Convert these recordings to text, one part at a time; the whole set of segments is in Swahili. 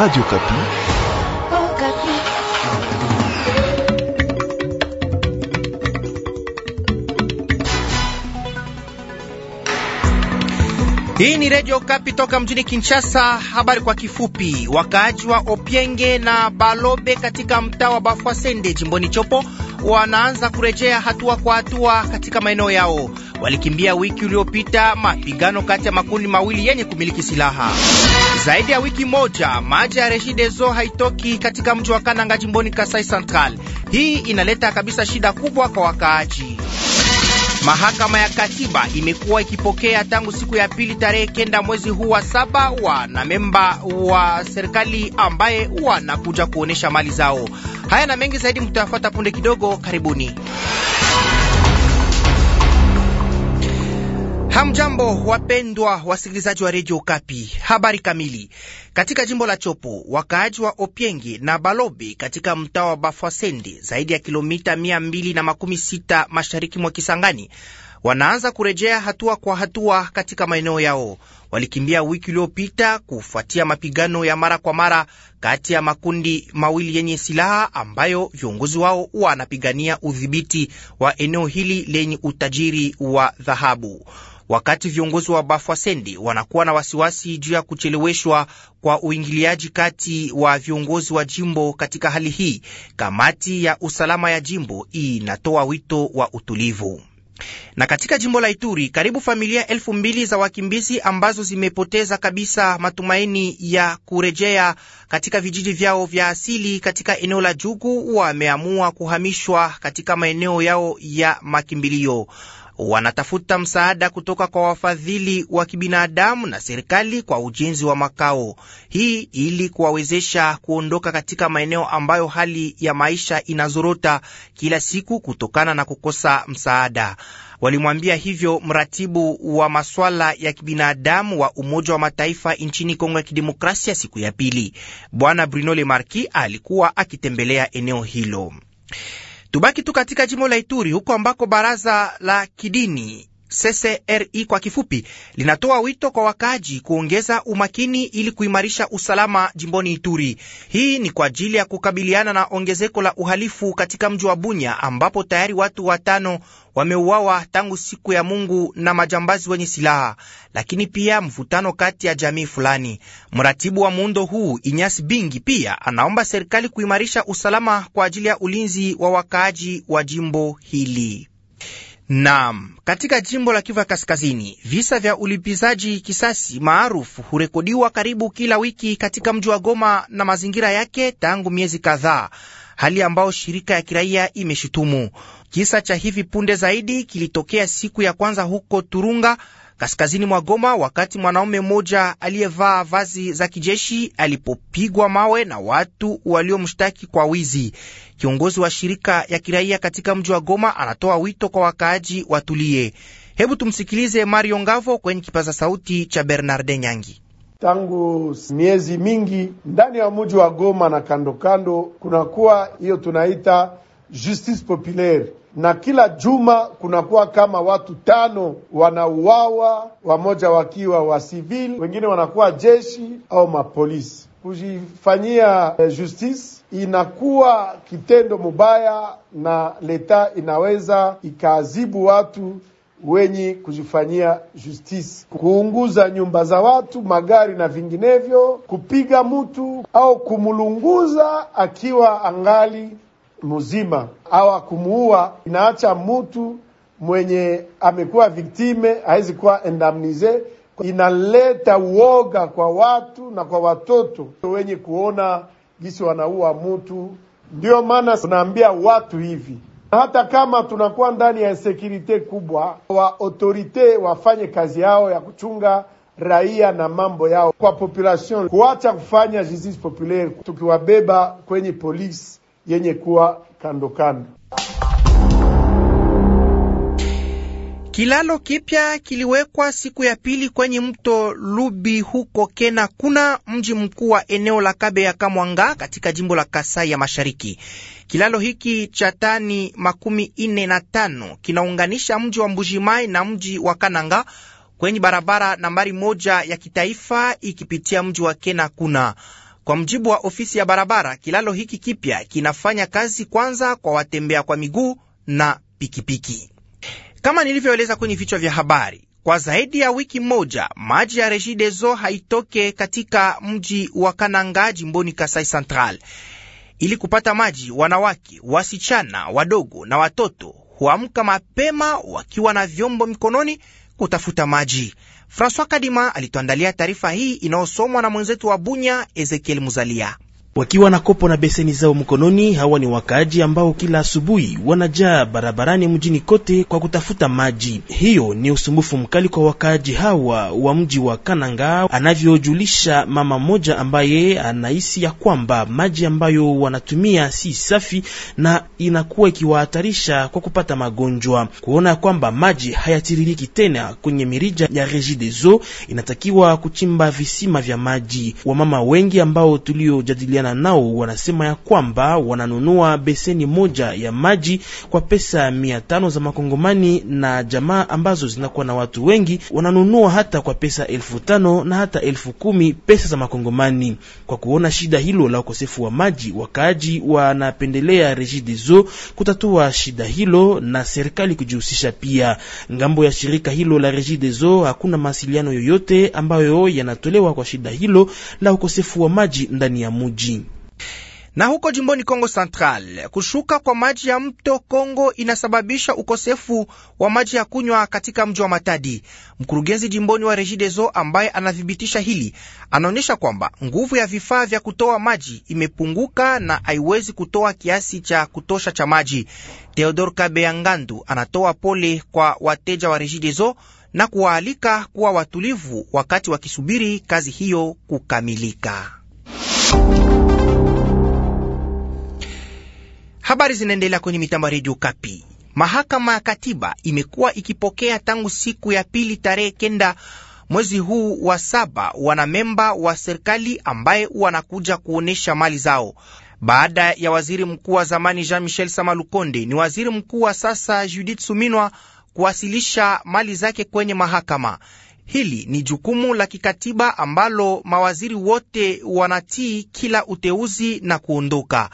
Radio Okapi. Hii ni Radio kapi toka mjini Kinshasa. Habari kwa kifupi. Wakaaji wa Opienge na Balobe katika mtaa wa Bafwasende jimboni Chopo wanaanza kurejea hatua kwa hatua katika maeneo yao walikimbia wiki uliopita mapigano kati ya makundi mawili yenye kumiliki silaha. Zaidi ya wiki moja maji ya Regideso haitoki katika mji wa Kananga jimboni Kasai Central. Hii inaleta kabisa shida kubwa kwa wakaaji. Mahakama ya Katiba imekuwa ikipokea tangu siku ya pili tarehe kenda mwezi huu wa saba wanamemba wa serikali ambaye wanakuja kuonyesha mali zao. Haya na mengi zaidi mutayafuata punde kidogo. Karibuni. Hamjambo, wapendwa wasikilizaji wa redio Kapi. Habari kamili. Katika jimbo la Chopo, wakaaji wa Opyengi na Balobi katika mtaa wa Bafwasende, zaidi ya kilomita 26 mashariki mwa Kisangani, wanaanza kurejea hatua kwa hatua katika maeneo yao. Walikimbia wiki iliyopita kufuatia mapigano ya mara kwa mara kati ya makundi mawili yenye silaha ambayo viongozi wao wanapigania udhibiti wa eneo hili lenye utajiri wa dhahabu wakati viongozi wa Bafwasendi wanakuwa na wasiwasi juu ya kucheleweshwa kwa uingiliaji kati wa viongozi wa jimbo katika hali hii, kamati ya usalama ya jimbo inatoa wito wa utulivu na katika jimbo la Ituri karibu familia elfu mbili za wakimbizi ambazo zimepoteza kabisa matumaini ya kurejea katika vijiji vyao vya asili katika eneo la Jugu wameamua kuhamishwa katika maeneo yao ya makimbilio wanatafuta msaada kutoka kwa wafadhili wa kibinadamu na serikali kwa ujenzi wa makao, hii ili kuwawezesha kuondoka katika maeneo ambayo hali ya maisha inazorota kila siku kutokana na kukosa msaada. Walimwambia hivyo mratibu wa maswala ya kibinadamu wa Umoja wa Mataifa nchini Kongo ya Kidemokrasia siku ya pili. Bwana Bruno Lemarquis alikuwa akitembelea eneo hilo. Tubaki tu katika jimbo la Ituri huko ambako baraza la kidini CCRI e kwa kifupi, linatoa wito kwa wakaaji kuongeza umakini ili kuimarisha usalama jimboni Ituri. Hii ni kwa ajili ya kukabiliana na ongezeko la uhalifu katika mji wa Bunya ambapo tayari watu watano wameuawa tangu siku ya Mungu na majambazi wenye silaha, lakini pia mvutano kati ya jamii fulani. Mratibu wa muundo huu Inyasi Bingi pia anaomba serikali kuimarisha usalama kwa ajili ya ulinzi wa wakaaji wa jimbo hili. Naam, katika jimbo la Kivu ya Kaskazini, visa vya ulipizaji kisasi maarufu hurekodiwa karibu kila wiki katika mji wa Goma na mazingira yake tangu miezi kadhaa, hali ambayo shirika ya kiraia imeshutumu. Kisa cha hivi punde zaidi kilitokea siku ya kwanza huko Turunga kaskazini mwa Goma, wakati mwanaume mmoja aliyevaa vazi za kijeshi alipopigwa mawe na watu waliomshtaki kwa wizi. Kiongozi wa shirika ya kiraia katika mji wa Goma anatoa wito kwa wakaaji watulie. Hebu tumsikilize Mario Ngavo kwenye kipaza sauti cha Bernarde Nyangi. Tangu miezi mingi ndani ya mji wa Goma na kandokando kunakuwa hiyo tunaita justice populaire na kila juma kunakuwa kama watu tano wanauawa, wamoja wakiwa wa civil, wengine wanakuwa jeshi au mapolisi. Kujifanyia eh, justice inakuwa kitendo mubaya, na leta inaweza ikaazibu watu wenye kujifanyia justice, kuunguza nyumba za watu, magari na vinginevyo, kupiga mtu au kumlunguza akiwa angali mzima au kumuua, inaacha mtu mwenye amekuwa viktime hawezi kuwa endamnize. Inaleta uoga kwa watu na kwa watoto wenye kuona jinsi wanaua mtu. Ndiyo maana tunaambia watu hivi, hata kama tunakuwa ndani ya insekurite kubwa, wa autorite wafanye kazi yao ya kuchunga raia na mambo yao kwa population, kuacha kufanya justice populaire, tukiwabeba kwenye polisi yenye kuwa kando kando. Kilalo kipya kiliwekwa siku ya pili kwenye mto Lubi huko Kena kuna mji mkuu wa eneo la kabe ya Kamwanga katika jimbo la Kasai ya Mashariki. Kilalo hiki cha tani makumi ine na tano kinaunganisha mji wa Mbujimai na mji wa Kananga kwenye barabara nambari moja ya kitaifa ikipitia mji wa Kena kuna kwa mjibu wa ofisi ya barabara, kilalo hiki kipya kinafanya kazi kwanza kwa watembea kwa miguu na pikipiki. Kama nilivyoeleza kwenye vichwa vya habari, kwa zaidi ya wiki moja maji ya Regideso haitoke katika mji wa Kananga jimboni Kasai Central. Ili kupata maji, wanawake, wasichana wadogo na watoto huamka mapema wakiwa na vyombo mikononi kutafuta maji. Francois Kadima alituandalia taarifa hii inayosomwa na mwenzetu wa Bunya, Ezekiel Muzalia wakiwa na kopo na beseni zao mkononi. Hawa ni wakaaji ambao kila asubuhi wanajaa barabarani mjini kote kwa kutafuta maji. Hiyo ni usumbufu mkali kwa wakaaji hawa wa mji wa Kananga, anavyojulisha mama mmoja ambaye anahisi ya kwamba maji ambayo wanatumia si safi na inakuwa ikiwahatarisha kwa kupata magonjwa. Kuona kwamba maji hayatiririki tena kwenye mirija ya Regideso, inatakiwa kuchimba visima vya maji. Wamama wengi ambao tuliojadiliana kuwasiliana nao wanasema ya kwamba wananunua beseni moja ya maji kwa pesa mia tano za makongomani, na jamaa ambazo zinakuwa na watu wengi wananunua hata kwa pesa elfu tano na hata elfu kumi pesa za makongomani. Kwa kuona shida hilo la ukosefu wa maji, wakaaji wanapendelea Regideso kutatua shida hilo na serikali kujihusisha pia. Ngambo ya shirika hilo la Regideso hakuna mawasiliano yoyote ambayo yanatolewa kwa shida hilo la ukosefu wa maji ndani ya muji. Na huko jimboni Kongo Central, kushuka kwa maji ya mto Kongo inasababisha ukosefu wa maji ya kunywa katika mji wa Matadi. Mkurugenzi jimboni wa Regideso ambaye anathibitisha hili anaonyesha kwamba nguvu ya vifaa vya kutoa maji imepunguka na haiwezi kutoa kiasi cha kutosha cha maji. theodor Kabeangandu anatoa pole kwa wateja wa Regideso na kuwaalika kuwa watulivu wakati wakisubiri kazi hiyo kukamilika. Habari zinaendelea kwenye mitambo ya redio Kapi. Mahakama ya Katiba imekuwa ikipokea tangu siku ya pili tarehe kenda mwezi huu wa saba wanamemba wa serikali ambaye wanakuja kuonyesha mali zao baada ya waziri mkuu wa zamani Jean Michel Samalukonde ni waziri mkuu wa sasa Judith Suminwa kuwasilisha mali zake kwenye mahakama. Hili ni jukumu la kikatiba ambalo mawaziri wote wanatii kila uteuzi na kuondoka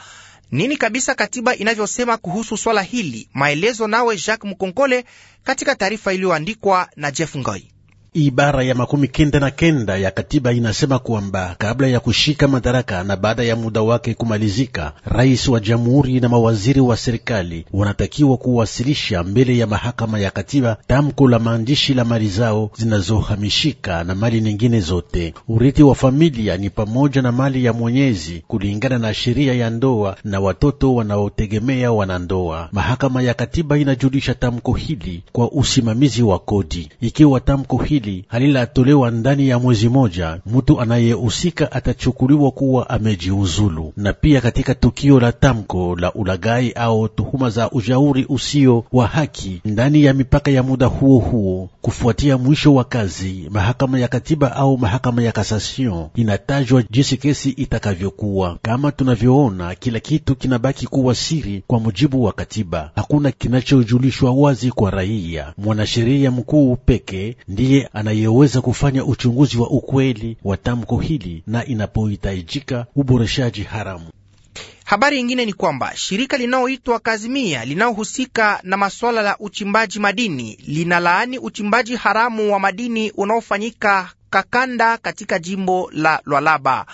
nini kabisa katiba inavyosema kuhusu swala hili. Maelezo nawe Jacques Mkonkole katika taarifa iliyoandikwa na Jeff Ngoi. Ibara ya makumi kenda na kenda ya katiba inasema kwamba kabla ya kushika madaraka na baada ya muda wake kumalizika, rais wa jamhuri na mawaziri wa serikali wanatakiwa kuwasilisha mbele ya mahakama ya katiba tamko la maandishi la mali zao zinazohamishika na mali nyingine zote. Urithi wa familia ni pamoja na mali ya mwenyezi kulingana na sheria ya ndoa na watoto wanaotegemea wanandoa. Mahakama ya katiba inajulisha tamko hili kwa usimamizi wa kodi. Ikiwa tamko hili hili halilatolewa ndani ya mwezi moja, mtu anayehusika atachukuliwa kuwa amejiuzulu. Na pia katika tukio la tamko la ulaghai au tuhuma za ushauri usio wa haki ndani ya mipaka ya muda huo huo kufuatia mwisho wa kazi, mahakama ya katiba au mahakama ya kasasion inatajwa jinsi kesi itakavyokuwa. Kama tunavyoona, kila kitu kinabaki kuwa siri kwa mujibu wa katiba. Hakuna kinachojulishwa wazi kwa raia. Mwanasheria mkuu peke ndiye anayeweza kufanya uchunguzi wa ukweli wa tamko hili na inapohitajika uboreshaji haramu. Habari ingine ni kwamba shirika linaloitwa Kazimia linalohusika na masuala la uchimbaji madini linalaani uchimbaji haramu wa madini unaofanyika Kakanda katika jimbo la Lwalaba.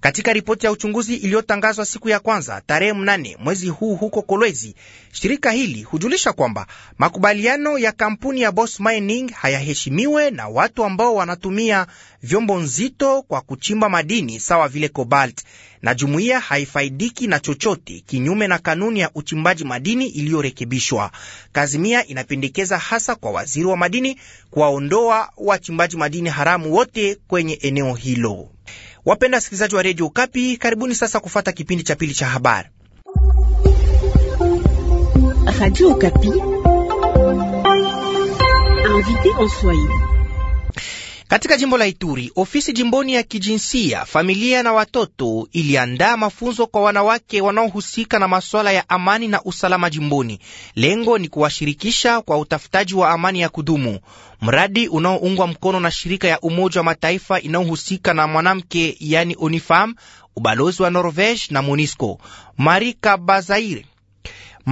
Katika ripoti ya uchunguzi iliyotangazwa siku ya kwanza tarehe mnane mwezi huu huko Kolwezi, shirika hili hujulisha kwamba makubaliano ya kampuni ya Boss Mining hayaheshimiwe na watu ambao wanatumia vyombo nzito kwa kuchimba madini sawa vile cobalt, na jumuiya haifaidiki na chochote, kinyume na kanuni ya uchimbaji madini iliyorekebishwa. Kazimia inapendekeza hasa kwa waziri wa madini kuwaondoa wachimbaji madini haramu wote kwenye eneo hilo. Wapenda wasikilizaji wa redio Ukapi, karibuni sasa kufata kipindi cha pili cha habari Radio Invité en Swahili. Katika jimbo la Ituri, ofisi jimboni ya kijinsia, familia na watoto iliandaa mafunzo kwa wanawake wanaohusika na masuala ya amani na usalama jimboni. Lengo ni kuwashirikisha kwa utafutaji wa amani ya kudumu, mradi unaoungwa mkono na shirika ya Umoja wa Mataifa inayohusika na mwanamke, yani UNIFAM, ubalozi wa Norvege na MONISCO. Marika Bazaire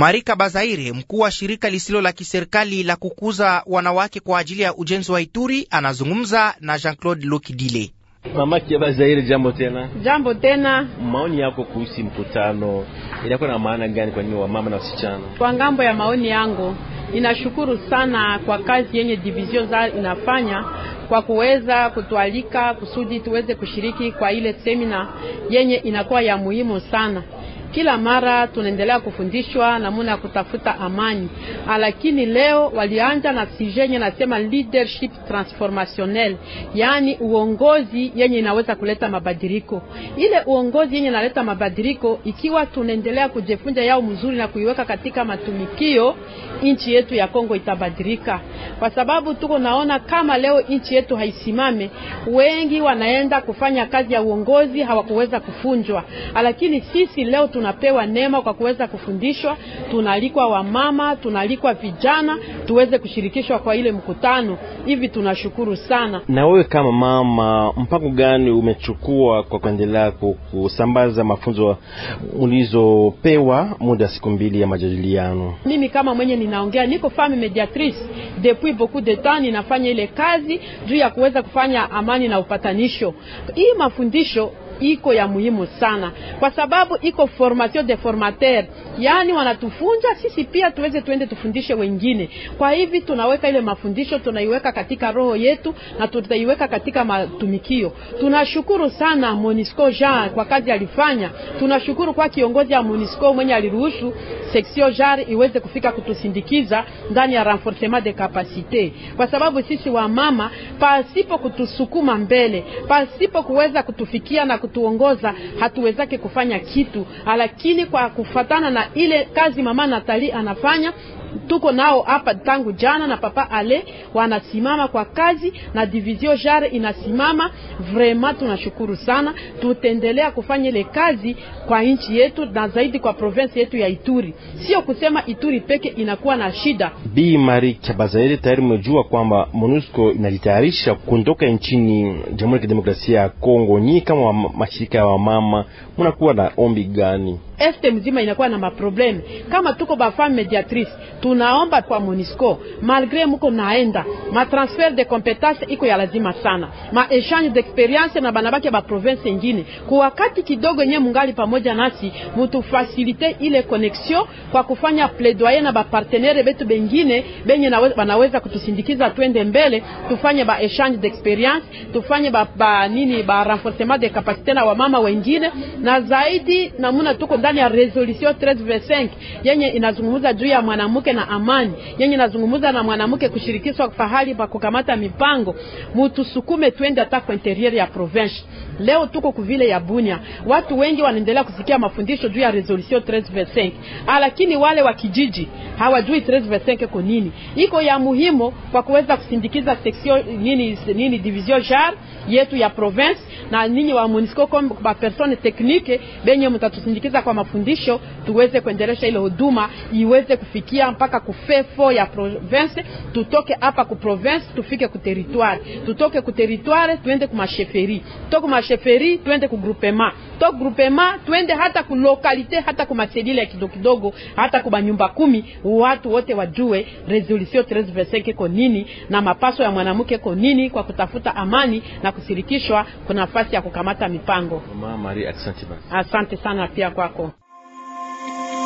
Marika Bazaire, mkuu wa shirika lisilo la kiserikali la kukuza wanawake kwa ajili ya ujenzi wa Ituri, anazungumza na Jean-Claude Lokidile. Mama Kiba Zaire, jambo tena. Jambo tena. Maoni yako kuhusu mkutano inakuwa na maana gani kwa nyinyi wamama na wasichana? Kwa ngambo ya maoni yangu, ninashukuru sana kwa kazi yenye division za inafanya kwa kuweza kutualika kusudi tuweze kushiriki kwa ile semina yenye inakuwa ya muhimu sana kila mara tunaendelea kufundishwa namuna ya kutafuta amani, ah, lakini leo walianja na sijenye nasema leadership transformationnel, yani uongozi yenye inaweza kuleta mabadiliko. Ile uongozi yenye inaleta mabadiliko, ikiwa tunaendelea kujifunza yao mzuri na kuiweka katika matumikio, nchi yetu ya Kongo itabadilika, kwa sababu tuko naona kama leo nchi yetu haisimame, wengi wanaenda kufanya kazi ya uongozi hawakuweza kufunjwa, ah, lakini sisi leo tunapewa neema kwa kuweza kufundishwa, tunalikwa wamama, tunalikwa vijana tuweze kushirikishwa kwa ile mkutano. Hivi tunashukuru sana. Na wewe kama mama, mpango gani umechukua kwa kuendelea kusambaza mafunzo ulizopewa muda wa siku mbili ya majadiliano? Mimi kama mwenye ninaongea, niko femme mediatrice depuis beaucoup de temps, ninafanya ile kazi juu ya kuweza kufanya amani na upatanisho. Hii mafundisho iko ya muhimu sana, kwa sababu iko formation de formateur, yaani wanatufunza sisi pia tuweze tuende tufundishe wengine. Kwa hivi tunaweka ile mafundisho tunaiweka katika roho yetu na tutaiweka katika matumikio. Tunashukuru sana Monisco Jean kwa kazi alifanya. Tunashukuru kwa kiongozi ya Monisco mwenye aliruhusu section jar iweze kufika kutusindikiza ndani ya renforcement de capacite, kwa sababu sisi wamama pasipo kutusukuma mbele, pasipo kuweza kutufikia na kutu kutuongoza hatuwezake kufanya kitu, lakini kwa kufatana na ile kazi mama Natali anafanya tuko nao hapa tangu jana, na papa ale wanasimama kwa kazi na division jare inasimama vraiment. Tunashukuru sana, tutaendelea kufanya ile kazi kwa nchi yetu na zaidi kwa province yetu ya Ituri. Sio kusema Ituri peke inakuwa na shida. Bi Mari Chabazaire, tayari mmejua kwamba MONUSCO inajitayarisha kuondoka nchini Jamhuri ya Kidemokrasia ya Kongo. Nyinyi kama mashirika ya wamama, mnakuwa na ombi gani? este mzima inakuwa na maprobleme. Kama tuko bafam mediatrice, tunaomba kwa Monisco, malgre muko naenda ma transfer de competence iko ya lazima sana, ma echange de experience na banabake ba province nyingine, kwa wakati kidogo nye mungali pamoja nasi, mutu facilite ile connexion kwa kufanya plaidoyer na bapartenere betu bengine benye wanaweza kutusindikiza twende mbele, tufanye ba echange de experience, tufanye ba, ba nini ba renforcement de capacité na wamama wengine na zaidi namuna tuko ndani ya resolution 1325 yenye inazungumza juu ya mwanamke na amani, yenye inazungumza na mwanamke kushirikishwa pahali pa kukamata mipango. Mutusukume twende hata kwa interior ya province. Leo tuko kuvile ya Bunia, watu wengi wanaendelea kusikia mafundisho juu ya resolution 1325, ah, lakini wale wa kijiji hawajui 1325 kwa nini iko ya muhimu kwa kuweza kusindikiza section nini nini division jar yetu ya province na ninyi wa munisiko kwa personne technique benye mtatusindikiza kwa mafundisho tuweze kuendelesha ile huduma iweze kufikia mpaka kufefo ya province. Tutoke hapa ku province tufike ku territoire, tutoke ku territoire tuende ku masheferi, tutoke ku masheferi tuende ku groupement, tutoke groupement tuende hata ku lokalite, hata ku masedile ya kidogo kidogo, hata ku banyumba kumi, watu wote wajue resolution 1325 iko nini na mapaso ya mwanamke iko nini kwa kutafuta amani na kushirikishwa Kuna nafasi ya kukamata mipango. Mama Marie, asante sana pia kwako.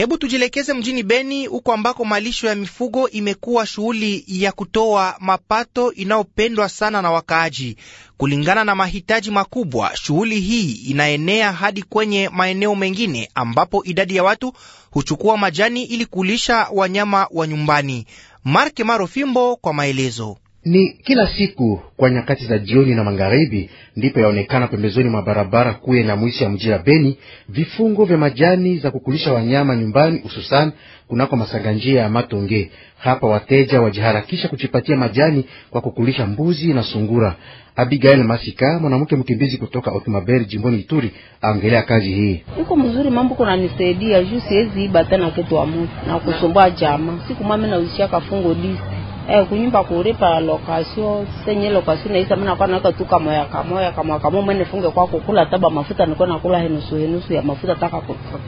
Hebu tujielekeze mjini Beni, huko ambako malisho ya mifugo imekuwa shughuli ya kutoa mapato inayopendwa sana na wakaaji. Kulingana na mahitaji makubwa, shughuli hii inaenea hadi kwenye maeneo mengine ambapo idadi ya watu huchukua majani ili kulisha wanyama wa nyumbani. Marke Marofimbo kwa maelezo. Ni kila siku kwa nyakati za jioni na magharibi ndipo yaonekana pembezoni mwa barabara kuye na mwisho ya mji la Beni vifungo vya majani za kukulisha wanyama nyumbani, hususan kunako masanganjia ya Matonge. Hapa wateja wajiharakisha kujipatia majani kwa kukulisha mbuzi na sungura. Abigail Masika, mwanamke mkimbizi kutoka Otumaberi jimboni Ituri, aongelea kazi hii. Iko mzuri, mambo kuna juu siwezi iba tena kitu wa mutu na kusumbua jama siku mami nauzisha kafungo disi eh, kunyumba kuri pa lokasio senye lokasio naisa mna kwa naweka tu kama ya kama ya kama kama mwe nifunge kwa kukula taba mafuta niko nakula henusu henusu ya mafuta taka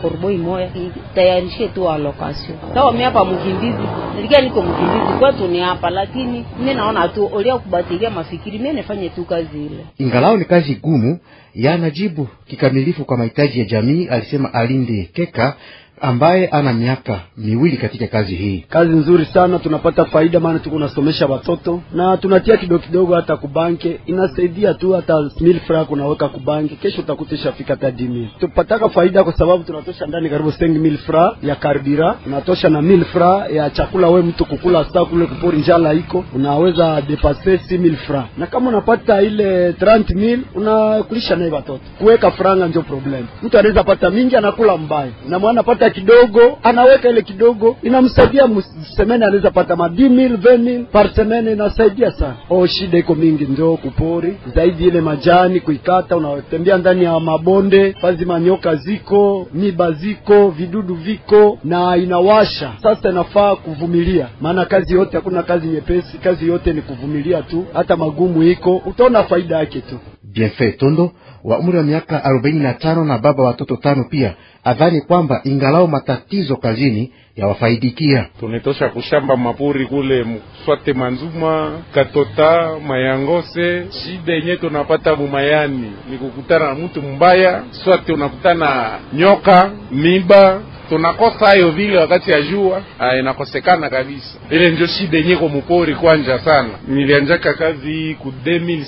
koroboi moya tayarishie tu wa lokasio sawa. Mimi hapa mkimbizi nilikia, niko mkimbizi kwetu ni hapa, lakini mimi naona tu olia kubatilia mafikiri, mimi nifanye tu kazi ile, ingalao ni kazi gumu, yanajibu kikamilifu kwa mahitaji ya jamii, alisema Alinde Keka ambaye ana miaka miwili katika kazi hii. Kazi nzuri sana, tunapata faida, maana tuko nasomesha watoto na tunatia kidogo kidogo hata kubanke, inasaidia tu hata mil franc unaweka kubanke, kesho utakuta ishafika hata dimi. Tupataka faida kwa sababu tunatosha ndani karibu sengi mil fra ya karbira, unatosha na mil fra ya chakula, we mtu kukula sa kule kupori njala iko unaweza depase si mil fra, na kama unapata ile 30 mil unakulisha naye watoto. Kuweka franga njo problem, mtu anaweza pata mingi anakula mbaya, na mwana pata kidogo, anaweka ile kidogo, inamsaidia msemene, anaweza pata madimil venil par semene, inasaidia sana. O, oh, shida iko mingi, ndo kupori zaidi ile majani kuikata, unatembea ndani ya mabonde, fazi, manyoka ziko, miba ziko, vidudu viko na inawasha. Sasa inafaa kuvumilia, maana kazi yote, hakuna kazi nyepesi, kazi yote ni kuvumilia tu, hata magumu iko, utaona faida yake tu. Bienfait Tondo wa umri wa miaka arobaini na tano na baba watoto tano. Pia adhani kwamba ingalao matatizo kazini yawafaidikia. tunitosha kushamba mapori kule mswate, manzuma, katota, mayangose. Shida yenyewe tunapata mumayani ni kukutana na mtu mbaya, swate unakutana nyoka, miba tunakosa hayo vile, wakati ya jua ah, inakosekana kabisa. Ile ndio shida yenyewe kwa mupori kwanja sana. Nilianjaka kazi ku 2006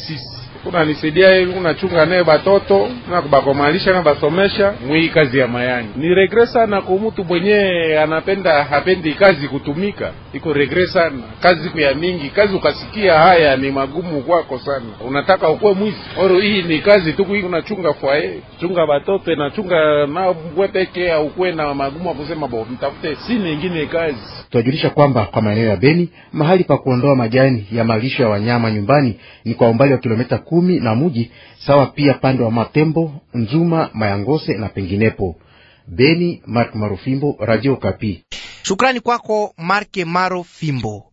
unanisaidia hivi, unachunga naye batoto na kubakomalisha na basomesha. Mwii kazi ya mayani ni regre sana kwa mtu mwenye anapenda hapendi kazi kutumika, iko regre sana kazi ya mingi. Kazi ukasikia haya ni magumu kwako sana, unataka ukuwe mwizi oro. Hii ni kazi tuku, hii unachunga fwaye, chunga batoto chunga na mwe peke au kuwe na magumu ya kusema bo mtafute si nyingine kazi. Tuwajulisha kwamba kwa maeneo ya Beni mahali pa kuondoa majani ya malisho ya wanyama nyumbani ni kwa umbali wa kilomita kumi na muji sawa pia pande wa Matembo, Nzuma, Mayangose na penginepo. Beni, Mark Marufimbo, Radio Kapi. Shukrani kwako Marke Marofimbo.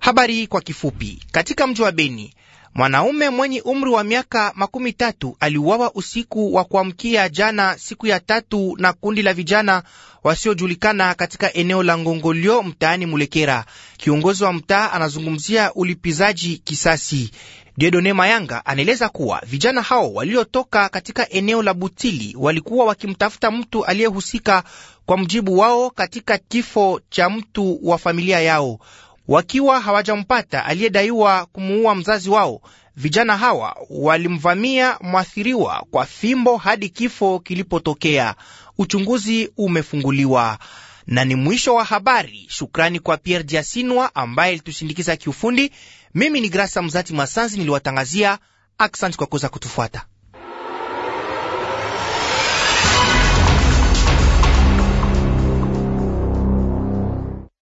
Habari kwa kifupi. Katika mji wa Beni, mwanaume mwenye umri wa miaka makumi tatu aliuawa usiku wa kuamkia jana siku ya tatu na kundi la vijana wasiojulikana katika eneo la Ngongolio mtaani Mulekera. Kiongozi wa mtaa anazungumzia ulipizaji kisasi. Diedone Mayanga anaeleza kuwa vijana hao waliotoka katika eneo la Butili walikuwa wakimtafuta mtu aliyehusika kwa mjibu wao katika kifo cha mtu wa familia yao. Wakiwa hawajampata aliyedaiwa kumuua mzazi wao, vijana hawa walimvamia mwathiriwa kwa fimbo hadi kifo kilipotokea. Uchunguzi umefunguliwa na ni mwisho wa habari. Shukrani kwa Pierre Jasinwa ambaye alitushindikiza kiufundi. Mimi ni Grasa Mzati Masanzi niliwatangazia. Aksanti kwa kuweza kutufuata.